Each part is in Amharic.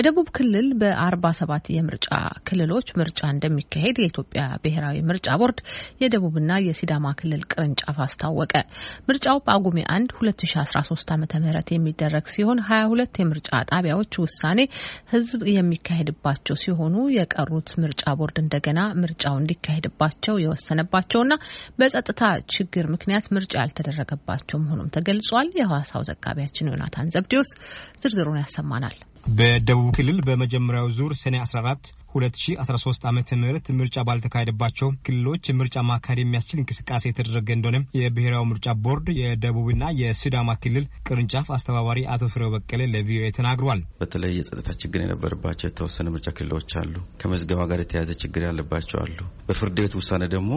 በደቡብ ክልል በ47 የምርጫ ክልሎች ምርጫ እንደሚካሄድ የኢትዮጵያ ብሔራዊ ምርጫ ቦርድ የደቡብና የሲዳማ ክልል ቅርንጫፍ አስታወቀ። ምርጫው በአጉሜ 1 2013 ዓ ም የሚደረግ ሲሆን 22 የምርጫ ጣቢያዎች ውሳኔ ህዝብ የሚካሄድባቸው ሲሆኑ የቀሩት ምርጫ ቦርድ እንደገና ምርጫው እንዲካሄድባቸው የወሰነባቸውና በጸጥታ ችግር ምክንያት ምርጫ ያልተደረገባቸው መሆኑም ተገልጿል። የሐዋሳው ዘጋቢያችን ዮናታን ዘብዴዎስ ዝርዝሩን ያሰማናል። በደቡብ ክልል በመጀመሪያው ዙር ሰኔ 14 2013 ዓ ም ምርጫ ባልተካሄደባቸው ክልሎች ምርጫ ማካሄድ የሚያስችል እንቅስቃሴ የተደረገ እንደሆነ የብሔራዊ ምርጫ ቦርድ የደቡብና የሲዳማ ክልል ቅርንጫፍ አስተባባሪ አቶ ፍሬው በቀለ ለቪኦኤ ተናግሯል። በተለይ የጸጥታ ችግር የነበረባቸው የተወሰነ ምርጫ ክልሎች አሉ። ከመዝገባ ጋር የተያያዘ ችግር ያለባቸው አሉ። በፍርድ ቤት ውሳኔ ደግሞ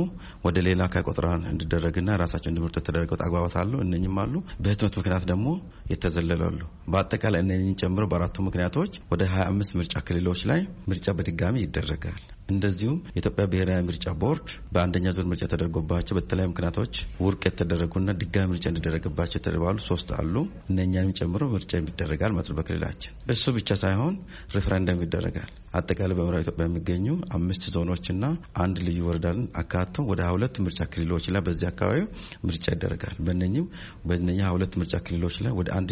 ወደ ሌላ አካል ቆጠራ እንዲደረግና ራሳቸው እንዲመርጡ የተደረገው አግባባት አሉ። እነኝም አሉ። በህትመት ምክንያት ደግሞ የተዘለላሉ። በአጠቃላይ እነኝን ጨምሮ በአራቱ ምክንያቶች ወደ 25 ምርጫ ክልሎች ላይ ምርጫ በድጋ በተደጋጋሚ ይደረጋል። እንደዚሁም የኢትዮጵያ ብሔራዊ ምርጫ ቦርድ በአንደኛ ዙር ምርጫ ተደርጎባቸው በተለያዩ ምክንያቶች ውድቅ የተደረጉና ድጋሚ ምርጫ እንዲደረግባቸው የተባሉ ሶስት አሉ። እነኛንም ጨምሮ ምርጫ ይደረጋል ማለት በክልላችን። እሱ ብቻ ሳይሆን ሪፍረንደም ይደረጋል። አጠቃላይ በምዕራብ ኢትዮጵያ የሚገኙ አምስት ዞኖችና አንድ ልዩ ወረዳን አካቶ ወደ ሁለት ምርጫ ክልሎች ላይ በዚህ አካባቢ ምርጫ ይደረጋል። በነኝም በነኛ ሁለት ምርጫ ክልሎች ላይ ወደ አንድ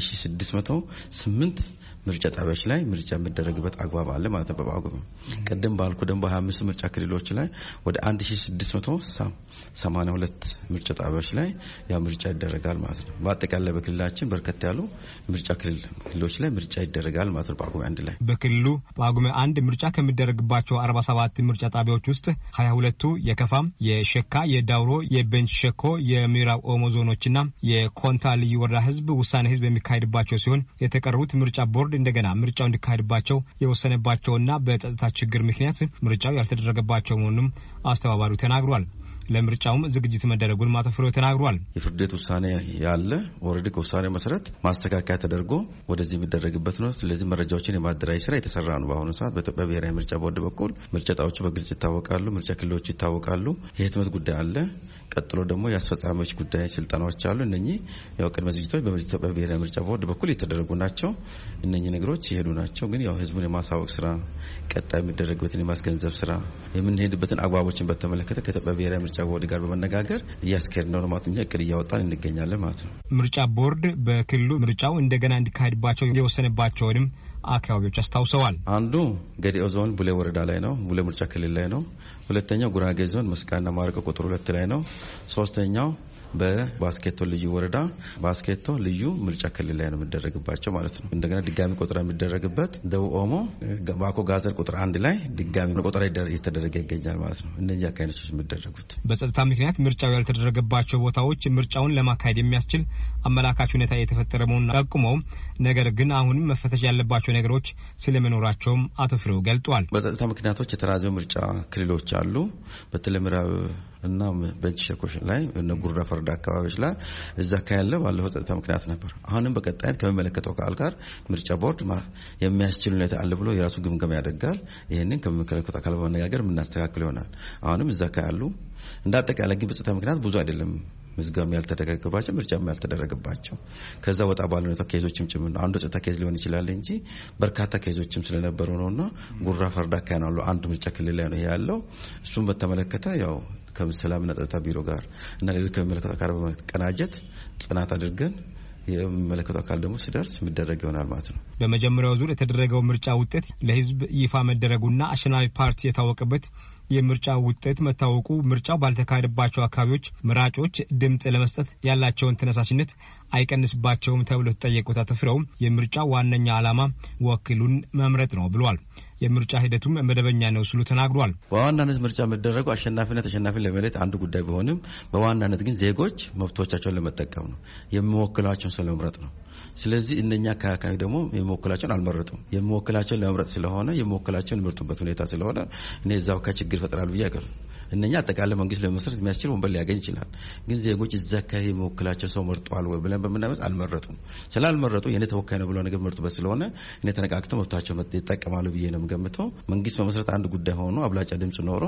ምርጫ ጣቢያዎች ላይ ምርጫ የሚደረግበት አግባብ አለ ማለት ነው። ቅድም ባልኩ ደግሞ በ25 ምርጫ ክልሎች ላይ ወደ 1682 ምርጫ ጣቢያዎች ላይ ያ ምርጫ ይደረጋል ማለት ነው። በአጠቃላይ በክልላችን በርከት ያሉ ምርጫ ክልሎች ላይ ምርጫ ይደረጋል ማለት ነው። በጳጉሜ አንድ ላይ በክልሉ ጳጉሜ አንድ ምርጫ ከሚደረግባቸው 47 ምርጫ ጣቢያዎች ውስጥ 22ቱ የከፋም፣ የሸካ፣ የዳውሮ፣ የቤንች ሸኮ፣ የምዕራብ ኦሞ ዞኖችና የኮንታ ልዩ ወረዳ ህዝብ ውሳኔ ህዝብ የሚካሄድባቸው ሲሆን የተቀሩት ምርጫ ቦርድ እንደገና ምርጫው እንዲካሄድባቸው የወሰነባቸውና በጸጥታ ችግር ችግር ምክንያት ምርጫው ያልተደረገባቸው መሆኑንም አስተባባሪው ተናግሯል። ለምርጫውም ዝግጅት መደረጉን ማተፍሮ ተናግሯል። የፍርድ ቤት ውሳኔ ያለ ኦልሬዲ ከውሳኔ መሰረት ማስተካከያ ተደርጎ ወደዚህ የሚደረግበት ነው። ስለዚህ መረጃዎችን የማደራጅ ስራ የተሰራ ነው። በአሁኑ ሰዓት በኢትዮጵያ ብሔራዊ ምርጫ ቦርድ በኩል ምርጫ ጣዎቹ በግልጽ ይታወቃሉ። ምርጫ ክልሎቹ ይታወቃሉ። የህትመት ጉዳይ አለ። ቀጥሎ ደግሞ የአስፈጻሚዎች ጉዳይ ስልጠናዎች አሉ። እነኚህ ያው ቅድመ ዝግጅቶች በኢትዮጵያ ብሔራዊ ምርጫ ቦርድ በኩል የተደረጉ ናቸው። እነኚህ ነገሮች የሄዱ ናቸው። ግን ያው ህዝቡን የማሳወቅ ስራ፣ ቀጣይ የሚደረግበትን የማስገንዘብ ስራ፣ የምንሄድበትን አግባቦችን በተመለከተ ከኢትዮጵያ ብሔራዊ ምርጫ ቦርድ ጋር በመነጋገር እያስካሄድ ነው ማለት እንጂ እቅድ እያወጣን እንገኛለን ማለት ነው። ምርጫ ቦርድ በክልሉ ምርጫው እንደገና እንዲካሄድባቸው የወሰነባቸውንም አካባቢዎች አስታውሰዋል። አንዱ ገዲኦ ዞን ቡሌ ወረዳ ላይ ነው፣ ቡሌ ምርጫ ክልል ላይ ነው። ሁለተኛው ጉራጌ ዞን መስቃና ማረቆ ቁጥር ሁለት ላይ ነው። ሶስተኛው በባስኬቶ ልዩ ወረዳ ባስኬቶ ልዩ ምርጫ ክልል ላይ ነው የሚደረግባቸው ማለት ነው። እንደገና ድጋሚ ቆጠራ የሚደረግበት ደቡብ ኦሞ ባኮ ጋዘር ቁጥር አንድ ላይ ድጋሚ ቆጠራ እየተደረገ ይገኛል ማለት ነው። እነዚህ አካሄዶች የሚደረጉት በጸጥታ ምክንያት ምርጫው ያልተደረገባቸው ቦታዎች ምርጫውን ለማካሄድ የሚያስችል አመላካች ሁኔታ የተፈጠረ መሆኑን ጠቁመው ነገር ግን አሁንም መፈተሽ ያለባቸው ያሏቸው ነገሮች ስለመኖራቸውም አቶ ፍሬው ገልጧል። በጸጥታ ምክንያቶች የተራዘው ምርጫ ክልሎች አሉ። በተለይ ምዕራብ እና በእጅ ሸኮሽ ላይ ጉርዳ ፈርዳ አካባቢዎች ላይ እዛ ካ ያለ ባለው ጸጥታ ምክንያት ነበር። አሁንም በቀጣይነት ከሚመለከተው ከአል ጋር ምርጫ ቦርድ የሚያስችል ሁኔታ አለ ብሎ የራሱ ግምገማ ያደርጋል። ይህንን ከሚመለከተው አካል በመነጋገር የምናስተካክል ይሆናል። አሁንም እዛ ካያሉ እንደ አጠቃላይ ግን በጸጥታ ምክንያት ብዙ አይደለም ምዝጋም ያልተደረገባቸው ምርጫም ያልተደረገባቸው ከዛ ወጣ ባለ ሁኔታ ኬዞችም ጭምር ነው። አንዱ ጸጥታ ኬዝ ሊሆን ይችላል እንጂ በርካታ ኬዞችም ስለነበሩ ነው። እና ጉራ ፈርዳ ካናሉ አንዱ ምርጫ ክልል ላይ ነው ያለው። እሱም በተመለከተ ያው ከሰላምና ጸጥታ ቢሮ ጋር እና ሌሎች ከሚመለከቱ አካል በመቀናጀት ጥናት አድርገን የሚመለከቱ አካል ደግሞ ሲደርስ የሚደረግ ይሆናል ማለት ነው። በመጀመሪያው ዙር የተደረገው ምርጫ ውጤት ለሕዝብ ይፋ መደረጉና አሸናፊ ፓርቲ የታወቀበት የምርጫ ውጤት መታወቁ ምርጫው ባልተካሄደባቸው አካባቢዎች መራጮች ድምፅ ለመስጠት ያላቸውን ተነሳሽነት አይቀንስባቸውም ተብሎ የተጠየቁት አቶ የምርጫው ዋነኛ ዓላማ ወኪሉን መምረጥ ነው ብሏል። የምርጫ ሂደቱም መደበኛ ነው ሲሉ ተናግሯል። በዋናነት ምርጫ መደረጉ አሸናፊና ተሸናፊ ለመለየት አንዱ ጉዳይ ቢሆንም በዋናነት ግን ዜጎች መብቶቻቸውን ለመጠቀም ነው፣ የሚወክላቸውን ሰው ለመምረጥ ነው። ስለዚህ እነኛ አካባቢ ደግሞ የሚወክላቸውን አልመረጡም። የሚወክላቸውን ለመምረጥ ስለሆነ የሚወክላቸውን የሚመርጡበት ሁኔታ ስለሆነ እኔ እዛው ከችግር ይፈጥራል ብዬ አይቀርም። እነኛ አጠቃላይ መንግስት ለመመስረት የሚያስችል ወንበር ሊያገኝ ይችላል። ግን ዜጎች እዛ አካባቢ የሚወክላቸው ሰው መርጠዋል ወይ ብለን በምናመፅ አልመረጡም። ስላልመረጡ የኔ ተወካይ ነው ብሎ ነገር መርጡበት ስለሆነ እኔ ተነቃቅተው መብታቸው ይጠቀማሉ ብዬ ነው የምገምተው። መንግስት መመስረት አንድ ጉዳይ ሆኖ አብላጫ ድምፅ ኖሮ፣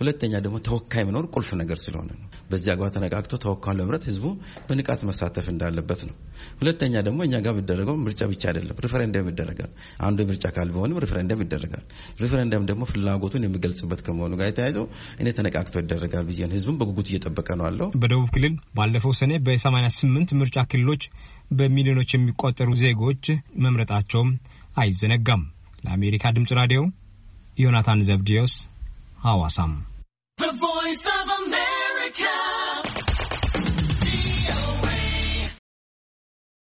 ሁለተኛ ደግሞ ተወካይ መኖር ቁልፍ ነገር ስለሆነ ነው። በዚህ አግባ ተነቃቅተው ተወካዩን ለመምረጥ ህዝቡ በንቃት መሳተፍ እንዳለበት ነው። ሁለተኛ ደግሞ እኛ ጋር የሚደረገው ምርጫ ብቻ አይደለም፣ ሪፈረንደም ይደረጋል። አንዱ የምርጫ አካል ቢሆንም ሪፈረንደም ይደረጋል። ሪፈረንደም ደግሞ ፍላጎቱን የሚገልጽበት ከመሆኑ ጋር የተያይዘው እኔ ተነቃቅቶ ይደረጋል ብዬ ህዝቡም በጉጉት እየጠበቀ ነው አለው። በደቡብ ክልል ባለፈው ሰኔ በ88 ምርጫ ክልሎች በሚሊዮኖች የሚቆጠሩ ዜጎች መምረጣቸውም አይዘነጋም። ለአሜሪካ ድምጽ ራዲዮ ዮናታን ዘብዲዮስ ሐዋሳም